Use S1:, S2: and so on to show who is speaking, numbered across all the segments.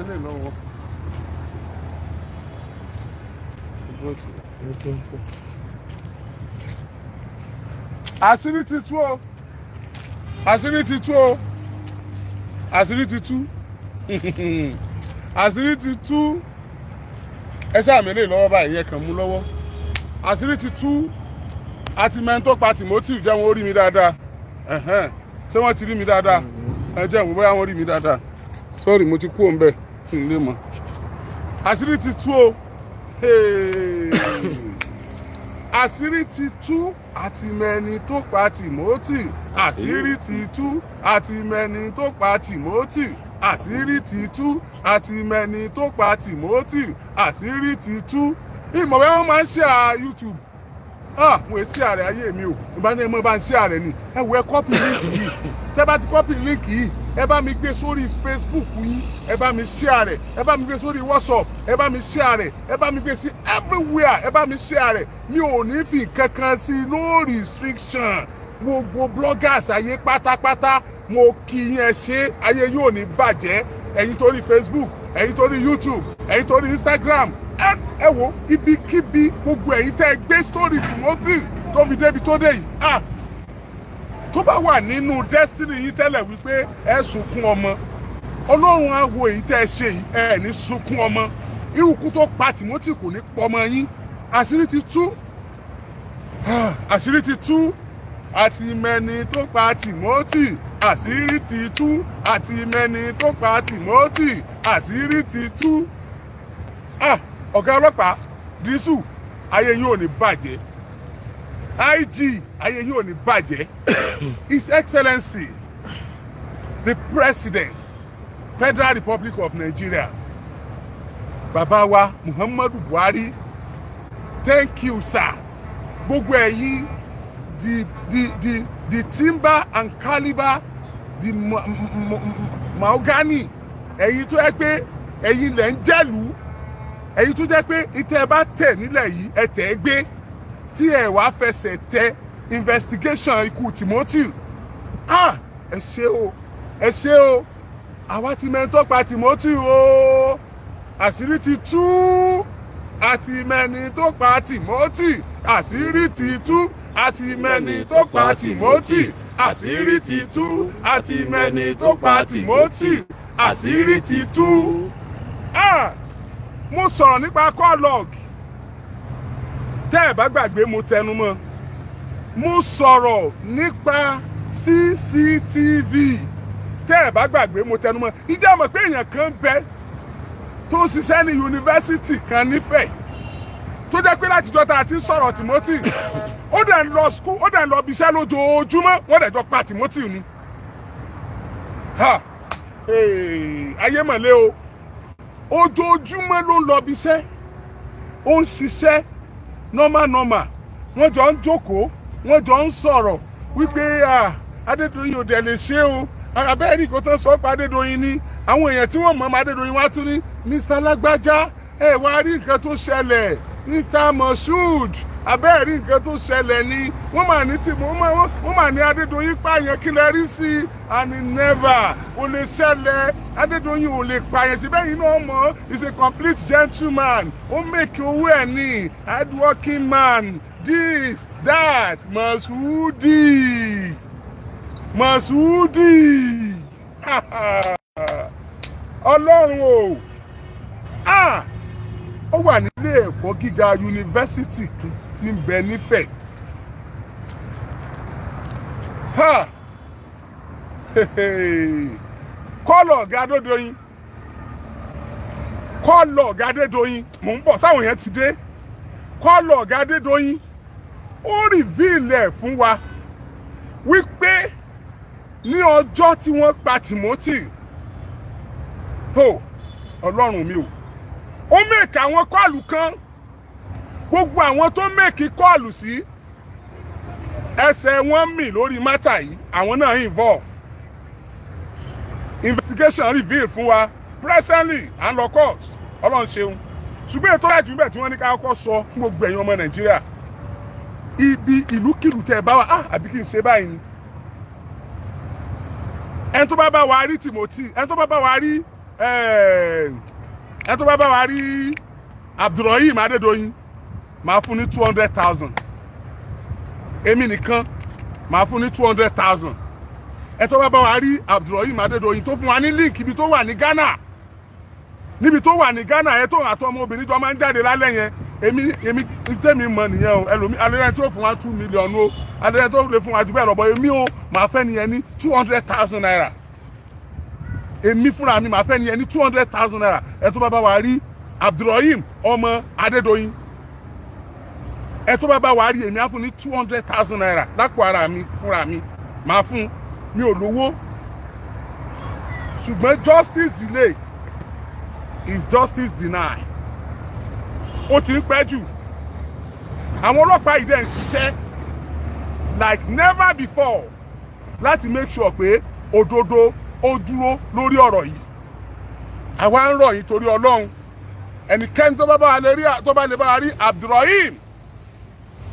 S1: gbé lè lọ́wọ́. àṣírí ti tú o àṣírí ti tú o àṣírí ti tú àṣírí ti tú ẹ ṣáà mi lè lọ́wọ́ báyìí ẹ kàn mú lọ́wọ́ àṣírí ti tú àti mẹ́ńtọ́ pa Timothy jẹ́ wọn ó rí mi dáadáa ṣé wọ́n ti rí mi dáadáa ẹ jẹ́ ìwé bóyá wọ́n rí mi dáadáa sọ́ọ̀rì mo ti kú òun bẹ́ẹ̀ kí n lè mọ̀ àṣírí ti tú o àṣírí ti tú àti mẹni tó pa Timothy àṣírí ti tú àti mẹni tó pa Timothy àṣírí ti tú àti mẹni tó pa Timothy àṣírí ti tú ìmọ̀wé wọn máa ń ṣe à YouTube ah mo èsì ààrẹ ayé mi o ìbánimọ̀ bá ń ṣe ààrẹ ni ẹ wọ ẹ kọ́pì líǹkì yìí tẹ́ bá ti kọ́pì líǹkì yìí ẹ bá mi gbé sórí facebook yín ẹ bá mi share rẹ̀ ẹ bá mi gbé sórí whatsapp ẹ bá mi share rẹ̀ ẹ bá mi gbé sí everywhere ẹ bá mi share rẹ̀ mi ò ní fi kankan sí no restriction gbogbo bloggers ayé pátápátá mo kí yín ẹ ṣe ayé yóò ní bàjẹ́ ẹ̀yin torí facebook ẹ̀yin torí youtube ẹ̀yin torí instagram ẹ wo ibikíbi gbogbo ẹ̀yin tẹ́ ẹ gbé story Timothy tó fi débi tó dé yìí ah, tó bá wà nínú destiny yìí tẹ́lẹ̀ wípé ẹ sunkún ọmọ ọlọ́run á wo èyí tẹ́ ẹ ṣe yìí ẹ ní sunkún ọmọ irúkú tó pa Timothy kò ní pọmọ yín àṣírí ti tú àṣírí ti tú àti mẹni tó pa Timothy àṣírí ti tú àti mẹni tó pa Timothy àṣírí ti tú ah, ọ̀gá ọlọ́pàá dísù ayé yín ò ní bàjẹ́ IG ayé yóò ní bàjẹ́ His Excellency the President Federal Republic of Nigeria bàbá wa Muhammadu Buhari thank you sir gbogbo ẹ̀yin the the the the timber and caliber the ma ma mahogany ẹ̀yin tó yẹ pé ẹ̀yin lẹ ń jẹ́lu ẹ̀yin tó jẹ́ pé ìtẹ́ bá tẹ̀ nílẹ̀ yìí ẹ tẹ̀ gbé tí ẹ wá fẹsẹ̀ tẹ investigation ikú Timothy ah ẹ ṣe o ẹ ṣe o àwa ti mẹ́ńtọ́ pa Timothy o àṣírí ti tú àti mẹ́ni tó pa Timothy àṣírí ti tú àti mẹ́ni tó pa Timothy àṣírí ti tú àti mẹ́ni tó pa Timothy àṣírí ti tú. mo sọ̀rọ̀ nípa kọ́lọ́ọ̀gì tẹ́ ẹ̀ bá gbàgbé mo tẹnu mọ́ mo sọ̀rọ̀ nípa cctv tẹ́ ẹ̀ bá gbàgbé mo tẹnu mọ́ ìjà mọ̀ pé èèyàn kan bẹ tó ṣiṣẹ́ ní yunifásitì kan nífẹ̀ẹ́ tó jẹ́ pé látijọ́ tá a ti ń sọ̀rọ̀ Timothy ó dẹ̀ ń lọ skul ó dẹ̀ ń lọ ibiṣẹ́ lójoojúmọ́ wọ́n dẹ̀ jọ pa Timothy ni ayé mọ̀lẹ́ o ojoojúmọ́ ló ń lọ ibiṣẹ́ ó ń ṣiṣẹ́ normal normal wọ́n jọ ń jókòó wọ́n jọ ń sọ̀rọ̀ wípé Adédoyin ò dẹ̀ lè ṣe o abẹ́rẹ́ nìkan tán sọ pé Adédoyin ni àwọn èèyàn tí wọ́n mọ̀ ọmọ Adédoyin wá tún ní Mr Lágbájá ẹ wá rí nǹkan tó ṣẹlẹ̀ Mr Moshood abẹ́rẹ́ rí nǹkan tó ṣẹlẹ̀ ni wọ́n mà ní tìmọ̀ wọ́n mà ní Adédoyin pààyàn kí lè rí sí i and never ò lè ṣẹlẹ̀ Adédoyin ò lè pààyàn síbẹ̀ yìí náà mọ̀ is a complete gentleman ó mèkì owó ẹ̀ ní hardworking man this that Masudi Masudi ọlọ́run o ah ó wà nílé ẹ̀kọ́ gíga yunifásitì tí ń bẹ nífẹ̀ẹ́ ha. hey kọ́ọ̀lù ọ̀gá Adédoyin kọ́ọ̀lù ọ̀gá Adédoyin mò ń bọ̀ sáwọn yẹn ti dé kọ́ọ̀lù ọ̀gá Adédoyin ó rìvíìlẹ̀ fún wa wípé ní ọjọ́ tí wọ́n pa Timothy ho ọlọ́run mi o ó mèkì àwọn kọ́ọ̀lù kan gbogbo àwọn tó mèkì kọ́ọ̀lù sí ẹsẹ̀ wọn mì lórí mátà yìí àwọn náà involve investigation reveal fún wa presently à ń lọ court ọlọ́run ṣeun ṣùgbọ́n ètò ìrìnàjò níbẹ̀ tí wọ́n ní ká kọ́ sọ fún gbogbo ẹ̀yin ọmọ nàìjíríà ibi ìlúkìlù tẹ́ ẹ bá wà á ah, àbí kí n ṣe báyìí ni ẹni tó bá bá wa rí timothy ẹni tó bá bá wa rí eh, ẹni tó bá bá wa rí abdulrahim adédọyìn màá fún ní two hundred thousand èmi nìkan màá fún ní two hundred thousand ẹ tó bá bá wa rí abdulrahim adédọyìn tó fún wa ní link ibi tó wà ní ghana níbi tó wà ní ghana ẹ tó hàn àtọ ọmọbìnrin tó máa ń jáde lálẹ́ yẹn èmi èmi tèmi mọ nìyẹn o ẹlòmí alẹ́rẹ́ tó fún wa two million o alẹ́rẹ́ tó lè fún wa jù bẹ́ẹ̀ lọ bọ́ èmi o màá fẹ́ nìyẹn ní two hundred thousand naira èmi fúnra mi màá fẹ́ nìyẹn ní two hundred thousand naira ẹ tó bá bá wa rí abdulrahim ọmọ adédọyìn ẹ tó bá bá wa rí èmi á fún ní two hundred thousand naira lápò ara mi fúnra mi màá fún un mi ò lówó ṣùgbọ́n justice delay is justice denied ó ti ń pẹ́ jù àwọn ọlọ́pàá yìí dẹ̀ ń ṣiṣẹ́ like never before láti make sure pé òdodo ó dúró lórí ọ̀rọ̀ yìí àwa ń rọ̀ yìí torí ọlọ́run ẹnikẹ́ni tó bá bá lè rí tó bá lè bá rí abdulrahim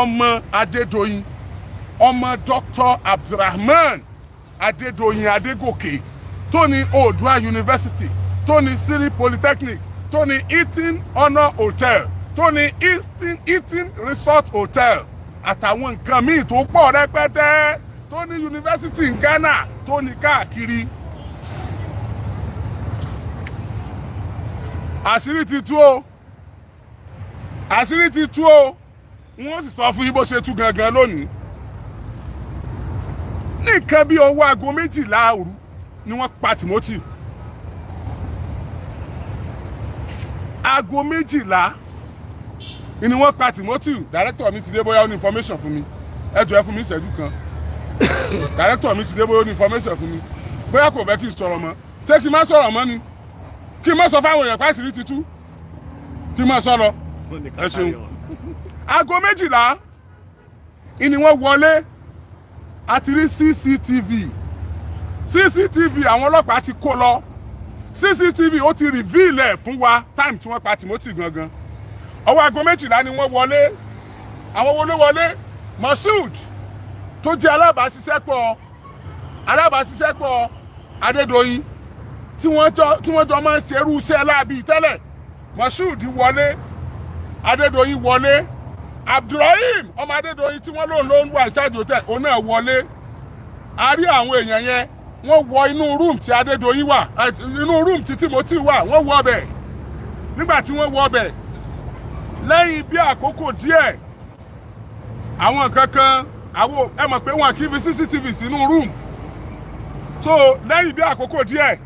S1: ọmọ adédoyin ọmọ dr abdulrahman adédoyin adégòkè tó ní Odua university tó ní siri polytechnic tó ní eaton honour hotel tó ní eaton resort hotel àtàwọn nǹkan míì tó pọ̀ rẹpẹtẹ tó ní yunifásitì Ghana tó ní káàkiri. àṣírí ti tú o àṣírí ti tú o wọ́n sì sọ fún yín bó ṣe tú gangan lónìí ní nǹkan bíi ọwọ́ aago méjìlá òru ni wọ́n pa Timothy aago méjìlá ni wọ́n pa Timothy director mi ti dé bóyá ó ní information fún mi ẹ jọ ẹ fún mi ìṣẹ́jú kan director mi ti dé bóyá ó ní information fún mi bóyá kò fẹ́ kí n sọ̀rọ̀ mọ́ ṣé kí n má sọ̀rọ̀ mọ́ ni kí n má sọ fáwọn èèyàn pàṣírí ti tú kí n má sọ ẹ ṣeun aago méjìlá ni wọ́n wọlé a ti rí cctv cctv àwọn ọlọ́pàá ti kó lọ cctv ó ti reveal ẹ̀ fún wa time tí wọ́n pa timothy gangan ọwọ́ aago méjìlá ni wọ́n wọlé àwọn wo ló wọlé moshood tó jẹ́ alábàáṣiṣẹ́pọ̀ alábàáṣiṣẹ́pọ̀ adédọ́yìn tí wọ́n jọ máa ń ṣerú iṣẹ́ láabi tẹ́lẹ̀ moshood wọlé adédọ́yìn wọlé abdulrahim ọmọ adédọyìn tí wọ́n lòun ló ń wà charge hotel òun náà wọlé a rí àwọn èèyàn yẹn wọ́n wọ inú room tí adédọyìn wà inú room tí timothy wà wọ́n wọ ọbẹ̀ nígbà tí wọ́n wọ ọbẹ̀ lẹ́yìn bí àkókò díẹ̀ àwọn kankan àwọn ẹ mọ̀ pé wọn kì í fi cctv sínú room so lẹ́yìn bí àkókò díẹ̀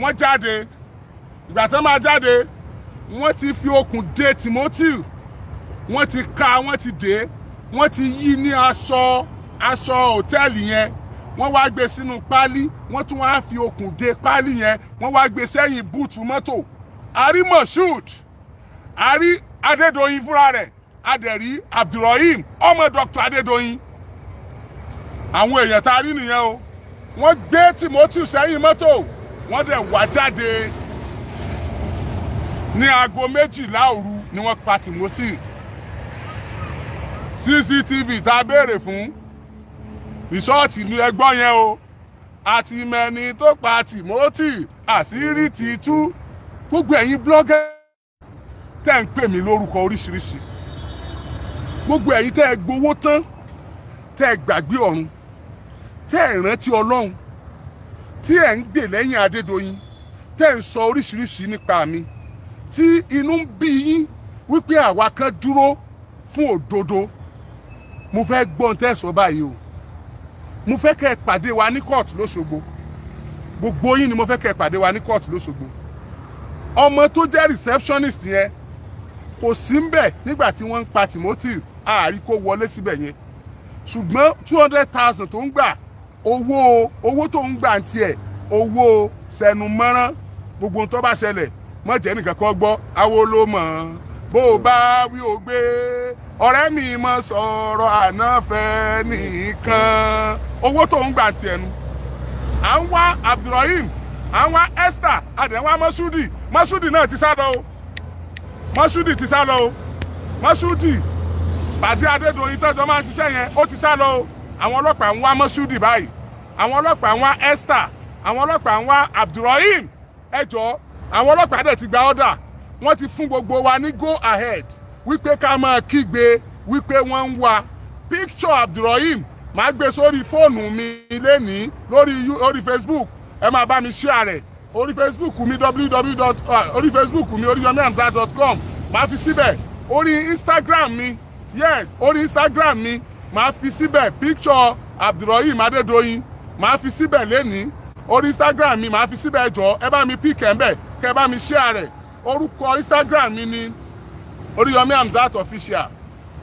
S1: wọ́n jáde ìgbà tí wọ́n máa jáde wọ́n ti fi okùn dè timothy wọ́n ti ká wọ́n ti dé wọ́n ti yí ní aṣọ aṣọ hòtẹ́ẹ̀lì yẹn wọ́n wá gbé sínú páálí wọ́n tún wá fi okùn dè páálí yẹn wọ́n wá gbé sẹ́yìn búùtù mọ́tò àrí moshood àrí adédọ̀yìn fúnra rẹ̀ adẹ̀rí abdulrahim ọmọ dr adédọ̀yìn àwọn èèyàn tá a rí nìyẹn o wọ́n gbé timothy sẹ́yìn mọ́tò wọ́n dẹ̀ wá jáde ní aago méjìlá òru ni wọ́n pa timothy cctv tá a béèrè fún rìsọ́ọ̀tì ní ẹgbọ́n yẹn o àti mẹni tó pa timothy àṣírí ti tú gbogbo ẹ̀yin blọ́gẹ́ tẹ́ ń pè mí lórúkọ oríṣiríṣi gbogbo ẹ̀yin tẹ́ ẹ gbowó tán tẹ́ ẹ gbàgbé ọ̀run tẹ́ ẹ rántí ọlọ́run tí ẹ ń gbè lẹ́yìn adédọ́yìn tẹ́ ẹ ń sọ oríṣiríṣi nípa mi tí inú ń bí yín wípé àwa kan dúró fún òdodo mo fẹ́ gbọ́n tẹ̀sán báyìí o mo fẹ́ kẹ́ ẹ pàdé wa ní court lóṣogbo gbogbo yín ni mo fẹ́ kẹ́ ẹ pàdé wa ní court lóṣogbo ọmọ tó jẹ́ receptionist yẹn kò sí ń bẹ̀ nígbà tí wọ́n ń pa Timothy àárí kó wọlé síbẹ̀ yẹn ṣùgbọ́n two hundred thousand tó ń gbà owó owó tó ń gbà ń tiẹ̀ owó sẹnu mọ́rán gbogbo ohun tó bá ṣẹlẹ̀ mọ̀jẹ́ nìkan kọ́ gbọ́ awo mọ̀ bó o bá wí o gbé ọ̀rẹ́ mi mọ sọ̀rọ̀ ànáfẹ́ nìkan owó tó ń gbà tiẹ̀ nu à ń wá abdulrahim à ń wá esther àdẹ̀wá mọ́ṣúdì mọ́ṣúdì náà ti sá lọ o mọ́ṣúdì ti sá lọ o mọ́ṣúdì pàdé adédọ̀yìn tọ́jọ́ máa ń ṣiṣẹ́ yẹn ó ti sá lọ o àwọn ọlọ́pàá ń wá mọ́ṣúdì báyìí àwọn ọlọ́pàá ń wá esther àwọn ọlọ́pàá ń wá abdulrahim ẹ jọ̀ọ́ àwọn ọlọ́pàá dẹ̀ ti gba ọ́dà wọ́n ti fún gbogbo wa ní go ahead wípé ká máa kígbe wípé wọ́n ń wa picture abdulrahim màá gbé sórí fóònù mi lénìí lórí lórí facebook ẹ máa bá mi share rẹ̀ orí facebook mi www orí facebook mi oriyomiamzat.com màá fi síbẹ̀ orí instagram mi yes orí instagram mi màá fi síbẹ̀ picture abdulrahim adédoyin màá fi síbẹ̀ lénìí orí instagram mi màá fi síbẹ̀ jọ ẹ bá mi píkẹ́ ń bẹ̀ kẹ́ ẹ bá mi share rẹ̀ orúkọ instagram mi ni Oríyọmí Amzat official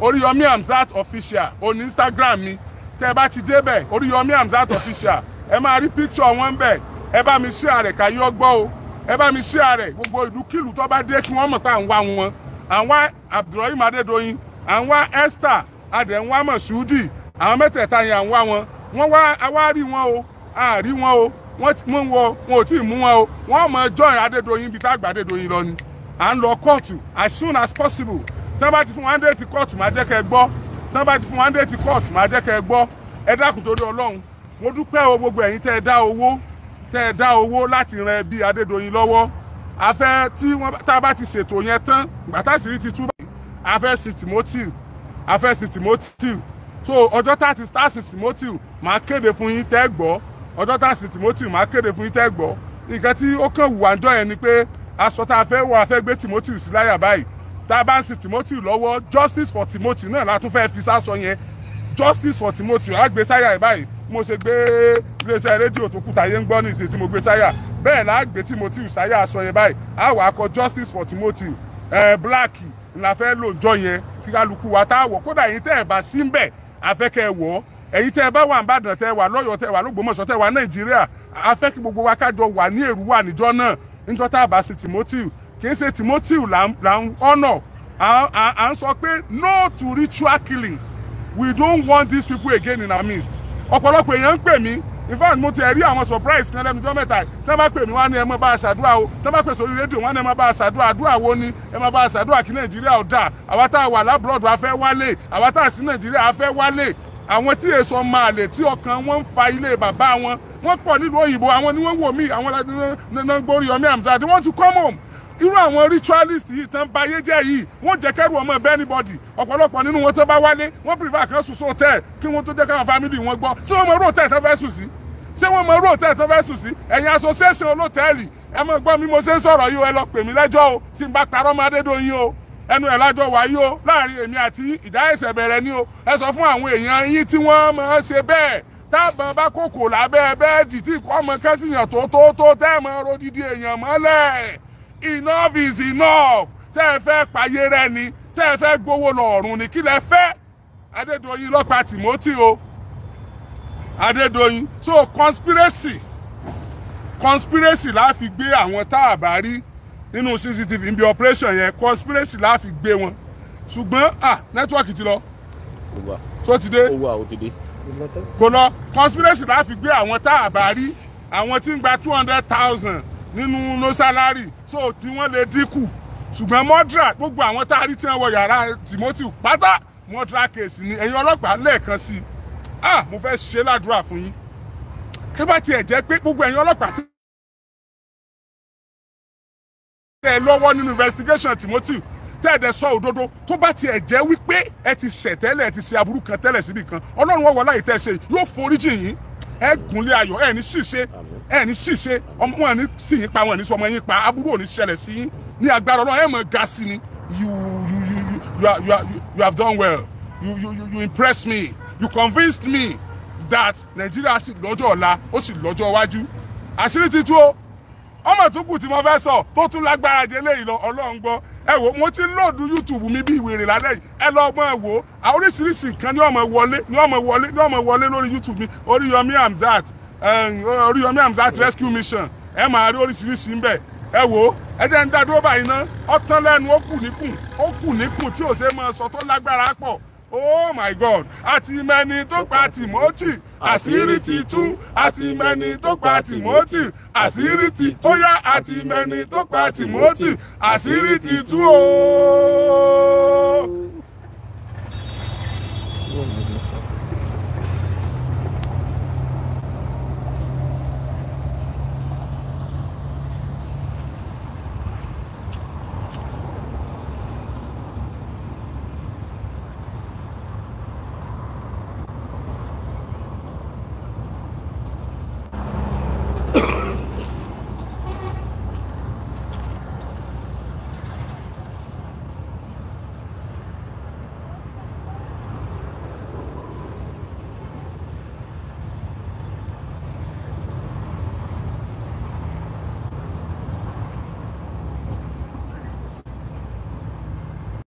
S1: Oríyọmí Amzat official òní Instagram mi tẹ́ bá ti débẹ̀ Oríyọmí Amzat official ẹ máa rí píkṣọ wọn bẹ̀ ẹ bá mi ṣíà rẹ̀ káyé ọgbọ́ o ẹ bá mi ṣíà rẹ̀ gbogbo ìlúkìlú tó bá dé kí wọ́n mọ̀ pé à ń wá wọn à ń wá Abdulrahim Adédoyin à ń wá Esther adẹ̀ ń wá Mọ̀ṣúdì àwọn mẹ́tẹ̀ẹ̀ta yẹn à ń wá wọn wọ́n wá awárí wọn o àárí wọn o wọ́n ti mú wọn o wọn ò tí ì mú wọn o wọ́n mọ̀ ẹjọ́ Adédoyin bíi tá àgbà Adédoyin lọ ni. And ń lọ kóòtù as soon as possible tí wọ́n bá ti fún wa déètì kóòtù máa jẹ́ kẹ́ ẹ gbọ́ tí wọ́n bá ti fún wa déètì kóòtù máa jẹ́ kẹ́ ẹ gbọ́ ẹ dákun torí ọlọ́run mo dúpẹ́ o gbogbo ẹ̀yin tẹ́ ẹ dá owó tẹ́ ẹ dá owó láti ran ẹbí Adédoyin lọ́wọ́ afẹ́ tí wọ́n tá a bá ti ṣètò yẹn tán gbàtà sí ti túbọ̀ afẹ́ sí Timothy afẹ́ sí Timothy so ọjọ́ tá a ti start sí Timothy máa kéde fún yín tẹ́ gbọ́ ọjọ́ tá a sì Timothy máa kéde fún yín tẹ́ gbọ́ nǹkan tí ó kàn wù wá ń jọ yẹn ni pé aṣọ tá a fẹ́ wọ a fẹ́ gbé Timothy sí láyà báyìí tá a bá ń sin Timothy lọ́wọ́ justice for Timothy náà la tún fẹ́ fi sáṣọ yẹn justice for Timothy á gbé sáyà báyìí mo ṣe gbé iléeṣẹ́ rédíò tó kù táyé ń gbọ́ ní ìsìn tí mo gbé sáyà bẹ́ẹ̀ la gbé Timothy sáyà aṣọ yẹn báyìí á wà á kọ justice for Timothy ẹ̀ black la fẹ́ lò jọ yẹn kí kálukú wa tá a wọ̀ kódà yìí tẹ́ ẹ̀ bá sí ń bẹ̀ afẹ́kẹ́ wọ̀ ẹ̀yin tẹ́ ẹ bá wà ń bàdàn tẹ́ wà lọ́yọ̀ tẹ́ wà lógbòmọ̀ṣọ́ tẹ́ wà nàìjíríà afẹ́kí gbogbo wa kájọ wà ní èrú wà níjọ́ náà níjọ́ tá a bá ṣe Timothy kì í ṣe Timothy là ń ọ̀nà à ń sọ pé no to ritual killings we don't want these people again in our midst ọ̀pọ̀lọpọ̀ èèyàn ń pè mí in fact mo ti rí àwọn surprise kan lẹ́nu ọjọ́ mẹ́ta tẹ́ bá pè mí wá ní ẹ máa bá a ṣàdúrà o tẹ́ bá pè sórí rédíò wá ní ẹ máa bá a ṣàdúrà àdúrà wo ni ẹ máa bá a ṣàdúrà kí nàìjíríà ò dáa àwa tá a wà lábúrọ̀dù a wálé àwa tá a sí nàìjíríà a wálé àwọn tí èso ọmọ àlè tí ọkàn wọn ń fa ilé bàbá wọn wọn pọ̀ nílùú òyìnbó àwọn ni wọ́n wò mí àwọn nangbori yomi amzad they want to come home irú àwọn ritualist yìí tán ba ayé jẹ́ yìí wọ́n jẹ́ kẹ́rù ọmọ ẹ̀bẹ́ anybody ọ̀pọ̀lọpọ̀ nínú wọn tó bá wálé wọ́n prefer kan sùn sí hòtẹ́ẹ̀lì kí wọ́n tó jẹ́ káwọn family wọn gbọ́ ṣé wọ́n mọ irú hòtẹ́ẹ̀lì tó fẹ́ sùn sí ṣé wọ́n mọ irú hòtẹ́ẹ̀lì tó fẹ́ sùn sí ẹ̀yin association olótẹ́ẹ̀lì ẹ mọ̀ gbọ́ mi mo ṣe ń sọ̀rọ̀ yìí ẹ lọ pè mí lẹ́jọ́ o tí n bá parọ́ máa dédò yín o ẹnu ẹ̀ lájọ wáyé o láàrin èmi àti ìdá bẹ̀rẹ̀ ni o ẹ sọ fún àwọn èèyàn yín tí wọ́n máa ṣe bẹ́ẹ̀ tábọn bá kòkò lábẹ́ bẹ́ẹ̀dì tí kò mọ kẹ́sìyàn tó tó tó tẹ́ mọ rodidi èèyàn mọ́lẹ̀ enough is enough tẹ́ ẹ fẹ́ payé rẹ ni tẹ́ ẹ fẹ́ gbowó lọ́ọ̀rùn ni kí lẹ fẹ́ Adédoyin lọ́pàá Timothy o Adédoyin so conspiracy conspiracy la fi gbé àwọn tá a bá rí nínú cctv níbi operation yẹn conspiracy la fi gbé wọn ṣùgbọ́n ah network ti lọ tó ti dé kò lọ conspiracy la fi gbé àwọn tá a bá rí àwọn tí ń gba two hundred thousand nínú no salary so tí wọ́n lè dínkù ṣùgbọ́n mọ́dúrà gbogbo àwọn tá a rí tí wọ́n wọ yàrá Timothy pátá mọ́dúrà kèsì ni ẹ̀yin ọlọ́pàá lẹ́ẹ̀kan sí i ah mo fẹ́ ṣe ládùúrà fún yín kí bá tiẹ̀ jẹ́ pé gbogbo ẹ̀yin ọlọ́pàá tí tẹ lọ́wọ́ nínú investigation Timothy tẹ́ ẹ̀dẹ̀ sọ òdodo tó bá tiẹ̀ jẹ́ wípé ẹ ti ṣẹ̀ tẹ́lẹ̀ ẹ ti ṣe aburú kan tẹ́lẹ̀ síbi kan ọlọ́run wọ̀wọ̀ láì tẹ́ ṣe yóò foríjì yín ẹ gúnlé ayọ̀ ẹ ní ṣìṣe ẹ ní ṣìṣe ọmọ wọn ní sì yín pa wọn ní sọ ọmọ yín pa aburú ò ní ṣẹlẹ̀ sí yín ní agbára ọlọ́run ẹ mọ̀ ga sí ni you you you you you you you have done well you you you you impressed me you convinced me that Nigeria sì lọ́jọ́ ọ̀la ó sì lọ́jọ́ iwájú àṣírí ti tú o ọmọ tó kù tí mo fẹ́ sọ tó tún lágbára jẹ léyìí lọ ọlọ́run gbọ́ ẹ wò mo ti lóòdù YouTube mi bí ìwèrè lálẹ́ yìí ẹ lọ ọmọ ẹ wò ó oríṣiríṣi nǹkan ní ọmọ wọlé ní ọmọ wọlé ní ọmọ wọlé lórí YouTube mi Oríyọmí Hamzat Oríyọmí Hamzat Rescue Mission ẹ máa rí oríṣiríṣi ń bẹ̀ ẹ wò ó ẹ jẹ́ ń dá dúró báyìí ná ọtán lẹ́nu ó kù níkùn ó kù níkùn tí ò ṣe máa sọ tó lágbára pọ̀ oh my god àti mẹni tó pa timothy àṣírí ti tú àti mẹni tó pa timothy àṣírí ti fóyà àti mẹni tó pa timothy àṣírí ti tú ooo.